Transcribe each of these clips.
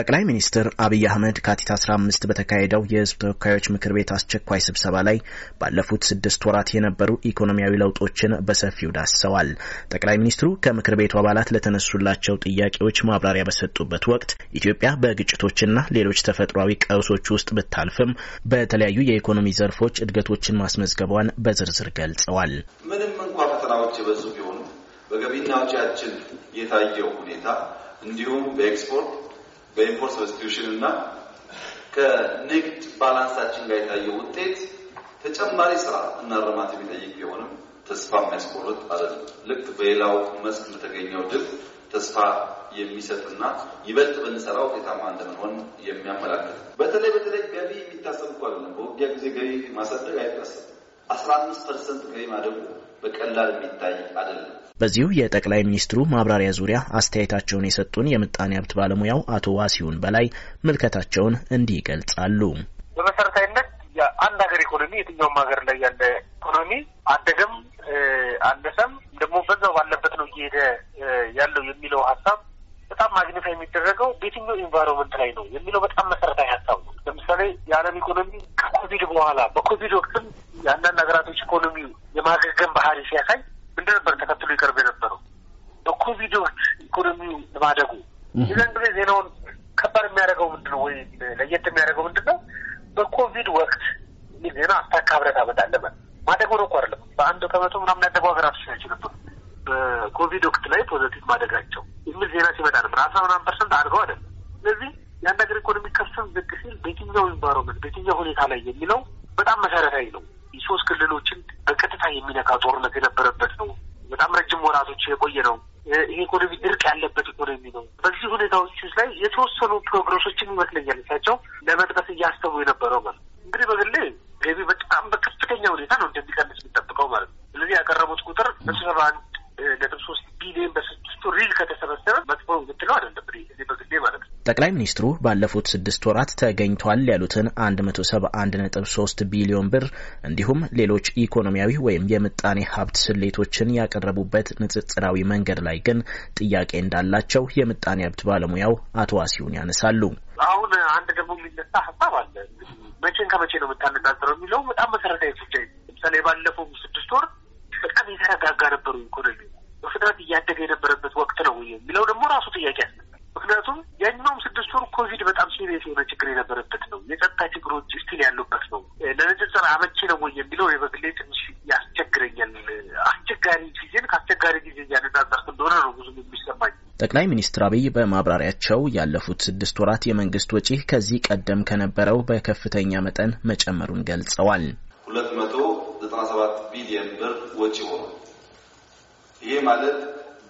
ጠቅላይ ሚኒስትር አብይ አህመድ ካቲት 15 በተካሄደው የህዝብ ተወካዮች ምክር ቤት አስቸኳይ ስብሰባ ላይ ባለፉት ስድስት ወራት የነበሩ ኢኮኖሚያዊ ለውጦችን በሰፊው ዳስሰዋል። ጠቅላይ ሚኒስትሩ ከምክር ቤቱ አባላት ለተነሱላቸው ጥያቄዎች ማብራሪያ በሰጡበት ወቅት ኢትዮጵያ በግጭቶችና ሌሎች ተፈጥሯዊ ቀውሶች ውስጥ ብታልፍም በተለያዩ የኢኮኖሚ ዘርፎች እድገቶችን ማስመዝገቧን በዝርዝር ገልጸዋል። ምንም እንኳ ፈተናዎች የበዙ ቢሆኑ በገቢና ወጪያችን የታየው ሁኔታ እንዲሁም በኤክስፖርት በኢምፖርት ሰብስቲዩሽን እና ከንግድ ባላንሳችን ጋር የታየው ውጤት ተጨማሪ ስራ እና እርማት የሚጠይቅ ቢሆንም ተስፋ የሚያስቆርጥ አይደለም። ልክ በሌላው መስክ ለተገኘው ድል ተስፋ የሚሰጥና ይበልጥ ብንሰራው ውጤታማ እንደምንሆን የሚያመላክት በተለይ በተለይ ገቢ የሚታሰብ እኮ አይደለም። በውጊያ ጊዜ ገቢ ማሳደግ አይታሰብም። አስራ አምስት ፐርሰንት በቀላል የሚታይ አይደለም። በዚሁ የጠቅላይ ሚኒስትሩ ማብራሪያ ዙሪያ አስተያየታቸውን የሰጡን የምጣኔ ሀብት ባለሙያው አቶ ዋሲሁን በላይ ምልከታቸውን እንዲህ ይገልጻሉ። በመሰረታዊነት የአንድ ሀገር ኢኮኖሚ የትኛውም ሀገር ላይ ያለ ኢኮኖሚ አደገም አነሰም ደግሞ በዛው ባለበት ነው እየሄደ ያለው የሚለው ሀሳብ በጣም ማግኘት የሚደረገው በየትኛው ኢንቫይሮንመንት ላይ ነው የሚለው በጣም መሰረታዊ ሀሳብ ነው። ለምሳሌ የዓለም ኢኮኖሚ ከኮቪድ በኋላ በኮቪድ ወቅትም የአንዳንድ ሀገራቶች ኢኮኖሚ የማገገም ባህሪ ሲያሳይ ምንድን ነበር ተከትሎ ይቀርብ የነበረው? በኮቪዶች ኢኮኖሚው ለማደጉ ይዘን ጊዜ ዜናውን ከባድ የሚያደርገው ምንድን ነው ወይ ለየት የሚያደርገው ምንድን ነው? በኮቪድ ወቅት የሚል ዜና አስታካ ህብረት አመጣለመ ማደግ ሆነ እኮ አይደለም። በአንድ ከመቶ ምናምን ያደጉ ሀገራቶች ናቸው ነበር በኮቪድ ወቅት ላይ ፖዘቲቭ ማደጋቸው የሚል ዜና ሲመጣ ነበር። አስራ ምናምን ፐርሰንት አድገው አይደለም። ስለዚህ የአንድ ሀገር ኢኮኖሚ ከፍም ዝቅ ሲል በየትኛው ኢንቫይሮመንት በየትኛው ሁኔታ ላይ የሚለው በጣም መሰረታዊ ነው። ሶስት ክልሎችን በቀጥታ የሚነካ ጦርነት የነበረበት ነው። በጣም ረጅም ወራቶች የቆየ ነው። ይህ ኢኮኖሚ ድርቅ ያለበት ኢኮኖሚ ነው። በዚህ ሁኔታዎች ውስጥ ላይ የተወሰኑ ፕሮግረሶችን ይመስለኛል እሳቸው ለመጥቀስ እያሰቡ የነበረው ማለት ጠቅላይ ሚኒስትሩ ባለፉት ስድስት ወራት ተገኝቷል ያሉትን 171.3 ቢሊዮን ብር እንዲሁም ሌሎች ኢኮኖሚያዊ ወይም የምጣኔ ሀብት ስሌቶችን ያቀረቡበት ንጽጽራዊ መንገድ ላይ ግን ጥያቄ እንዳላቸው የምጣኔ ሀብት ባለሙያው አቶ ዋሲሁን ያነሳሉ። አሁን አንድ ደግሞ የሚነሳ ሀሳብ አለ። መቼን ከመቼ ነው የምታነጻጽረው የሚለው በጣም መሰረታዊ ጉዳይ። ለምሳሌ ባለፈው ስድስት ወር በጣም የተረጋጋ ነበሩ ኢኮኖሚ በፍጥነት እያደገ የነበረበት ወቅት ነው የሚለው ደግሞ ራሱ ጥያቄ አለ። ምክንያቱም ያኛውም ስድስት ወር ኮቪድ በጣም ሲሪየስ የሆነ ችግር የነበረበት ነው። የጸጥታ ችግሮች ስቲል ያሉበት ነው። ለንጽጽር አመቺ ነው ወይ የሚለው የበግሌ ትንሽ ያስቸግረኛል። አስቸጋሪ ጊዜን ከአስቸጋሪ ጊዜ እያነጻጸርክ እንደሆነ ነው ብዙ የሚሰማኝ። ጠቅላይ ሚኒስትር አብይ በማብራሪያቸው ያለፉት ስድስት ወራት የመንግስት ወጪ ከዚህ ቀደም ከነበረው በከፍተኛ መጠን መጨመሩን ገልጸዋል። ሁለት መቶ ዘጠና ሰባት ቢሊየን ብር ወጪ ሆኗል። ይሄ ማለት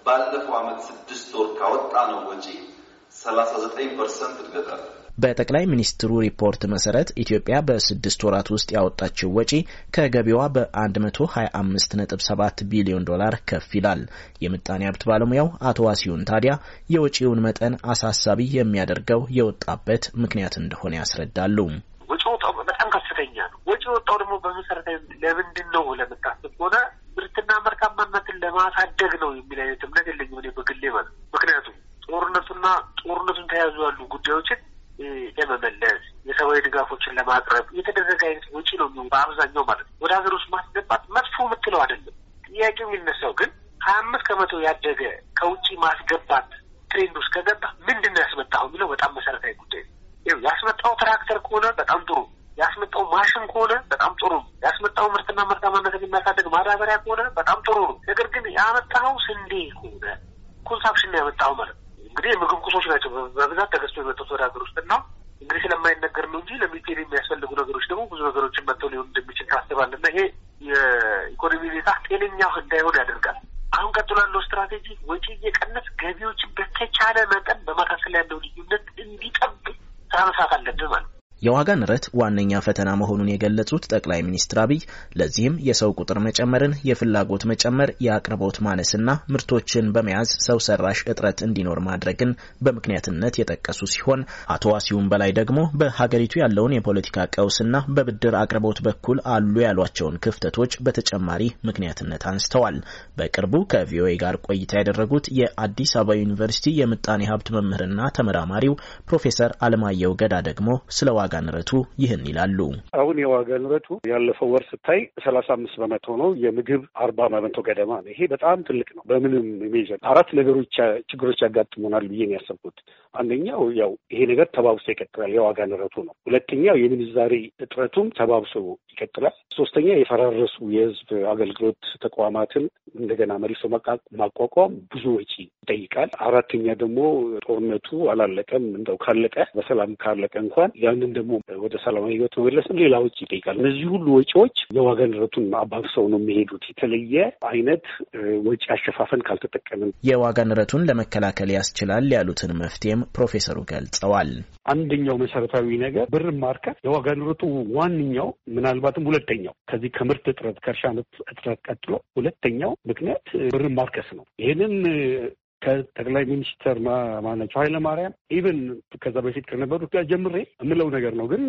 ባለፈው አመት ስድስት ወር ካወጣ ነው ወጪ ፐርሰንት እድገት አለ። በጠቅላይ ሚኒስትሩ ሪፖርት መሰረት ኢትዮጵያ በስድስት ወራት ውስጥ ያወጣችው ወጪ ከገቢዋ በ125.7 ቢሊዮን ዶላር ከፍ ይላል። የምጣኔ ሀብት ባለሙያው አቶ ዋሲዩን ታዲያ የወጪውን መጠን አሳሳቢ የሚያደርገው የወጣበት ምክንያት እንደሆነ ያስረዳሉ። ወጣው በጣም ከፍተኛ ነው። ወጪ ወጣው ደግሞ በመሰረታዊ ለምንድን ነው ለምታስብ ሆነ ምርትና ምርታማነትን ለማሳደግ ነው የሚል አይነት እምነት የለኝም እኔ በግሌ ማለት ምክንያቱም ጦርነቱና ጦርነቱን ተያዙ ያሉ ጉዳዮችን ለመመለስ የሰብአዊ ድጋፎችን ለማቅረብ የተደረገ አይነት ወጪ ነው የሚሆን በአብዛኛው ማለት ነው። ወደ ሀገር ውስጥ ማስገባት መጥፎ የምትለው አይደለም። ጥያቄው የሚነሳው ግን ሀያ አምስት ከመቶ ያደገ ከውጭ ማስገባት ትሬንድ ውስጥ ከገባ ምንድን ነው ያስመጣው የሚለው በጣም መሰረታዊ ጉዳይ ነው። ያስመጣው ትራክተር ከሆነ በጣም ጥሩ፣ ያስመጣው ማሽን ከሆነ በጣም ጥሩ፣ ያስመጣው ምርትና ምርታማነትን የሚያሳድግ ማዳበሪያ ከሆነ በጣም ጥሩ ነው። ነገር ግን ያመጣኸው ስንዴ ከሆነ ኮንሳፕሽን ነው ያመጣኸው ማለት ነው እንግዲህ የምግብ ቁሶች ናቸው በብዛት ተገዝቶ የመጡት ወደ ሀገር ውስጥ እና እንግዲህ ስለማይነገር ነው እንጂ ለሚቴር የሚያስፈልጉ ነገሮች ደግሞ ብዙ ነገሮችን መጥተው ሊሆን እንደሚችል ታስባል እና ይሄ የኢኮኖሚ ሁኔታ ጤነኛ እንዳይሆን ያደርጋል። አሁን ቀጥሎ ያለው ስትራቴጂ ወጪ እየቀነስ ገቢዎችን በተቻለ መጠን በመካከል ያለው ልዩነት እንዲጠብ ስራ መስራት አለብን ማለት የዋጋ ንረት ዋነኛ ፈተና መሆኑን የገለጹት ጠቅላይ ሚኒስትር አብይ ለዚህም የሰው ቁጥር መጨመርን፣ የፍላጎት መጨመር፣ የአቅርቦት ማነስና ምርቶችን በመያዝ ሰው ሰራሽ እጥረት እንዲኖር ማድረግን በምክንያትነት የጠቀሱ ሲሆን አቶ ዋሲሁን በላይ ደግሞ በሀገሪቱ ያለውን የፖለቲካ ቀውስና በብድር አቅርቦት በኩል አሉ ያሏቸውን ክፍተቶች በተጨማሪ ምክንያትነት አንስተዋል። በቅርቡ ከቪኦኤ ጋር ቆይታ ያደረጉት የአዲስ አበባ ዩኒቨርሲቲ የምጣኔ ሀብት መምህርና ተመራማሪው ፕሮፌሰር አለማየሁ ገዳ ደግሞ ስለ ዋጋ የዋጋ ንረቱ ይህን ይላሉ። አሁን የዋጋ ንረቱ ያለፈው ወር ስታይ ሰላሳ አምስት በመቶ ነው። የምግብ አርባ በመቶ ገደማ ነው። ይሄ በጣም ትልቅ ነው። በምንም ሜዥር አራት ነገሮች ችግሮች ያጋጥሙናል ብዬ ነው ያሰብኩት። አንደኛው ያው ይሄ ነገር ተባብሶ ይቀጥላል፣ የዋጋ ንረቱ ነው። ሁለተኛው የምንዛሬ እጥረቱም ተባብሶ ይቀጥላል። ሶስተኛ የፈራረሱ የህዝብ አገልግሎት ተቋማትን እንደገና መልሶ ማቋቋም ብዙ ወጪ ይጠይቃል። አራተኛ ደግሞ ጦርነቱ አላለቀም። እንደው ካለቀ በሰላም ካለቀ እንኳን ያንን ደግሞ ወደ ሰላማዊ ህይወት መመለስም ሌላ ወጪ ይጠይቃል። እነዚህ ሁሉ ወጪዎች የዋጋ ንረቱን አባብሰው ነው የሚሄዱት። የተለየ አይነት ወጪ አሸፋፈን ካልተጠቀምን የዋጋ ንረቱን ለመከላከል ያስችላል ያሉትን መፍትሄ ፕሮፌሰሩ ገልጸዋል። አንደኛው መሰረታዊ ነገር ብር ማርከስ የዋጋ ንረቱ ዋነኛው ምናልባትም ሁለተኛው ከዚህ ከምርት እጥረት ከእርሻ እጥረት ቀጥሎ ሁለተኛው ምክንያት ብር ማርከስ ነው። ይህንን ከጠቅላይ ሚኒስትር ማናቸው ኃይለማርያም ኢቨን ከዛ በፊት ከነበሩት ጋር ጀምሬ የምለው ነገር ነው። ግን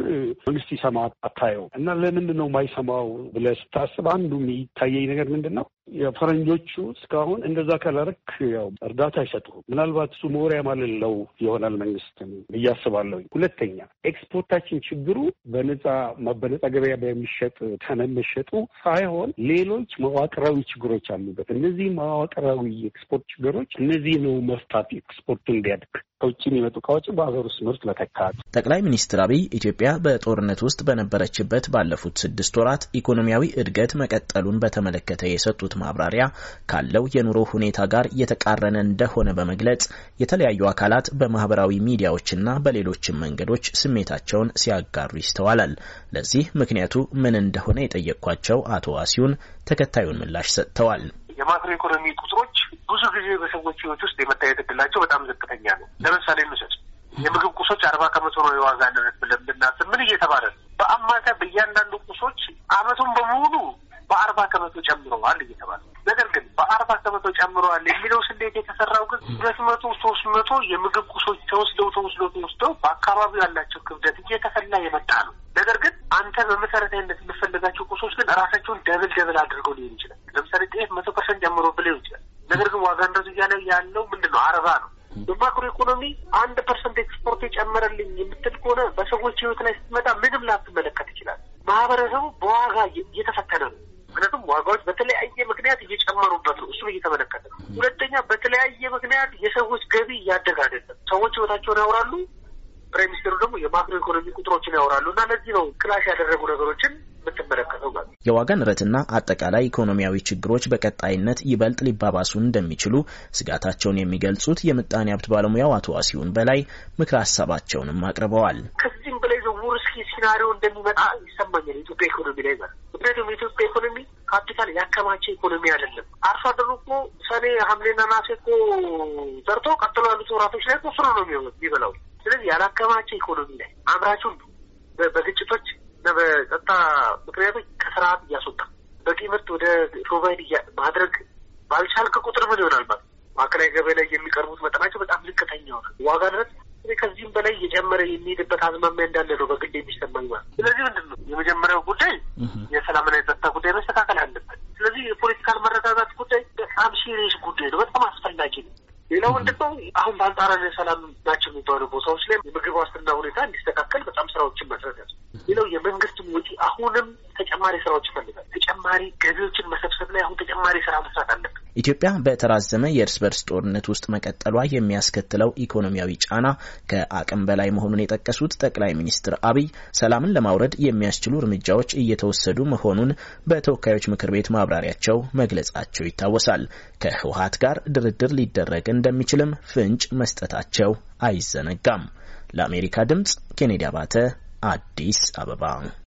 መንግስት ይሰማ አታየው እና ለምንድን ነው ማይሰማው ብለህ ስታስብ አንዱ የሚታየኝ ነገር ምንድን ነው የፈረንጆቹ እስካሁን እንደዛ ካላረክ ያው እርዳታ አይሰጡም። ምናልባት እሱ መወሪያ ማልለው ይሆናል መንግስትም እያስባለሁ ሁለተኛ ኤክስፖርታችን ችግሩ በነጻ በነጻ ገበያ በሚሸጥ መሸጡ ሳይሆን ሌሎች መዋቅራዊ ችግሮች አሉበት። እነዚህ መዋቅራዊ ኤክስፖርት ችግሮች እነዚህ ነው መፍታት ኤክስፖርቱ እንዲያድግ ከውጭ የሚመጡ እቃዎችን በሀገር ውስጥ ምርት መተካት። ጠቅላይ ሚኒስትር አብይ ኢትዮጵያ በጦርነት ውስጥ በነበረችበት ባለፉት ስድስት ወራት ኢኮኖሚያዊ እድገት መቀጠሉን በተመለከተ የሰጡት ማብራሪያ ካለው የኑሮ ሁኔታ ጋር የተቃረነ እንደሆነ በመግለጽ የተለያዩ አካላት በማህበራዊ ሚዲያዎችና በሌሎችም መንገዶች ስሜታቸውን ሲያጋሩ ይስተዋላል። ለዚህ ምክንያቱ ምን እንደሆነ የጠየቅኳቸው አቶ ዋሲሁን ተከታዩን ምላሽ ሰጥተዋል። የማክሮ ኢኮኖሚ ቁጥሮች ብዙ ጊዜ በሰዎች ህይወት ውስጥ የመታየት እድላቸው በጣም ዝቅተኛ ነው። ለምሳሌ እንውሰድ የምግብ ቁሶች አርባ ከመቶ ነው የዋጋ ንረት ብለን ብናስብ ምን እየተባለ ነው? በአማካይ በእያንዳንዱ ቁሶች አመቱን በሙሉ በአርባ ከመቶ ጨምረዋል እየተባለ ነገር ግን በአርባ ከመቶ ጨምረዋል የሚለው ስሌት የተሰራው ግን ሁለት መቶ ሶስት መቶ የምግብ ቁሶች ተወስደው ተወስደው ተወስደው በአካባቢው ያላቸው ክብደት እየተፈላ የመጣ ነው። ነገር ግን አንተ በመሰረታዊነት የምፈልጋቸው ቁሶች ግን ራሳቸውን ደብል ደብል አድርገው ሊሆን ይችላል ለምሳሌ ጤፍ መቶ ፐርሰንት ጨምሮ ብለው ይችላል። ነገር ግን ዋጋ ንረቱ እያለ ያለው ምንድን ነው? አረባ ነው። በማክሮ ኢኮኖሚ አንድ ፐርሰንት ኤክስፖርት የጨመረልኝ የምትል ከሆነ በሰዎች ህይወት ላይ ስትመጣ ምንም ላትመለከት ይችላል። ማህበረሰቡ በዋጋ እየተፈተነ ነው። ምክንያቱም ዋጋዎች በተለያየ ምክንያት እየጨመሩበት ነው። እሱም እየተመለከተ ነው። ሁለተኛ በተለያየ ምክንያት የሰዎች ገቢ እያደገ አይደለም። ሰዎች ህይወታቸውን ያውራሉ። ጠቅላይ ሚኒስትሩ ደግሞ የማክሮ ኢኮኖሚ ቁጥሮችን ያወራሉ እና ለዚህ ነው ክላሽ ያደረጉ ነገሮችን የዋጋ ንረትና አጠቃላይ ኢኮኖሚያዊ ችግሮች በቀጣይነት ይበልጥ ሊባባሱ እንደሚችሉ ስጋታቸውን የሚገልጹት የምጣኔ ሀብት ባለሙያው አቶ ዋሲሁን በላይ ምክር ሀሳባቸውንም አቅርበዋል። ከዚህም በላይ ዘውርስ ሲናሪዮ እንደሚመጣ ይሰማኛል የኢትዮጵያ ኢኮኖሚ ላይ ማለት ምክንያቱም የኢትዮጵያ ኢኮኖሚ ካፒታል ያከማቸ ኢኮኖሚ አይደለም። አርሶ አደሩ እኮ ሰኔ ሐምሌና ናሴ እኮ ዘርቶ ቀጥሎ ያሉት ወራቶች ላይ እኮ ስሩ ነው የሚበላው። ስለዚህ ያላከማቸ ኢኮኖሚ ላይ አምራቹን በግጭቶች እና በጸጥታ ምክንያቶች ከስርዓት እያስወጣ በቂ ምርት ወደ ፕሮቫይድ ማድረግ ባልቻልክ ቁጥር ምን ይሆናል ማለት ማዕከላዊ ገበያ ላይ የሚቀርቡት መጠናቸው በጣም ዝቅተኛ ሆነ ዋጋ ድረስ ከዚህም በላይ እየጨመረ የሚሄድበት አዝማሚያ እንዳለ ነው በግል የሚሰማኝ ማለት። ስለዚህ ምንድን ነው የመጀመሪያው ጉዳይ የሰላምና የጸጥታ ጉዳይ መስተካከል አለበት። ስለዚህ የፖለቲካል መረጋጋት ጉዳይ በጣም ሲሪየስ ጉዳይ ነው፣ በጣም አስፈላጊ ነው። ሌላው ምንድን ነው አሁን በአንጻራዊ ሰላም ናቸው የሚባሉ ቦታዎች ላይ የምግብ ዋስትና ሁኔታ እንዲስተካከል በጣም ስራዎችን መስረት ። ያስ አሁንም ተጨማሪ ስራዎች ይፈልጋል። ተጨማሪ ገቢዎችን መሰብሰብ ላይ አሁን ተጨማሪ ስራ መስራት አለብን። ኢትዮጵያ በተራዘመ የእርስ በርስ ጦርነት ውስጥ መቀጠሏ የሚያስከትለው ኢኮኖሚያዊ ጫና ከአቅም በላይ መሆኑን የጠቀሱት ጠቅላይ ሚኒስትር አብይ ሰላምን ለማውረድ የሚያስችሉ እርምጃዎች እየተወሰዱ መሆኑን በተወካዮች ምክር ቤት ማብራሪያቸው መግለጻቸው ይታወሳል። ከህወሀት ጋር ድርድር ሊደረግ እንደሚችልም ፍንጭ መስጠታቸው አይዘነጋም። ለአሜሪካ ድምጽ ኬኔዲ አባተ አዲስ አበባ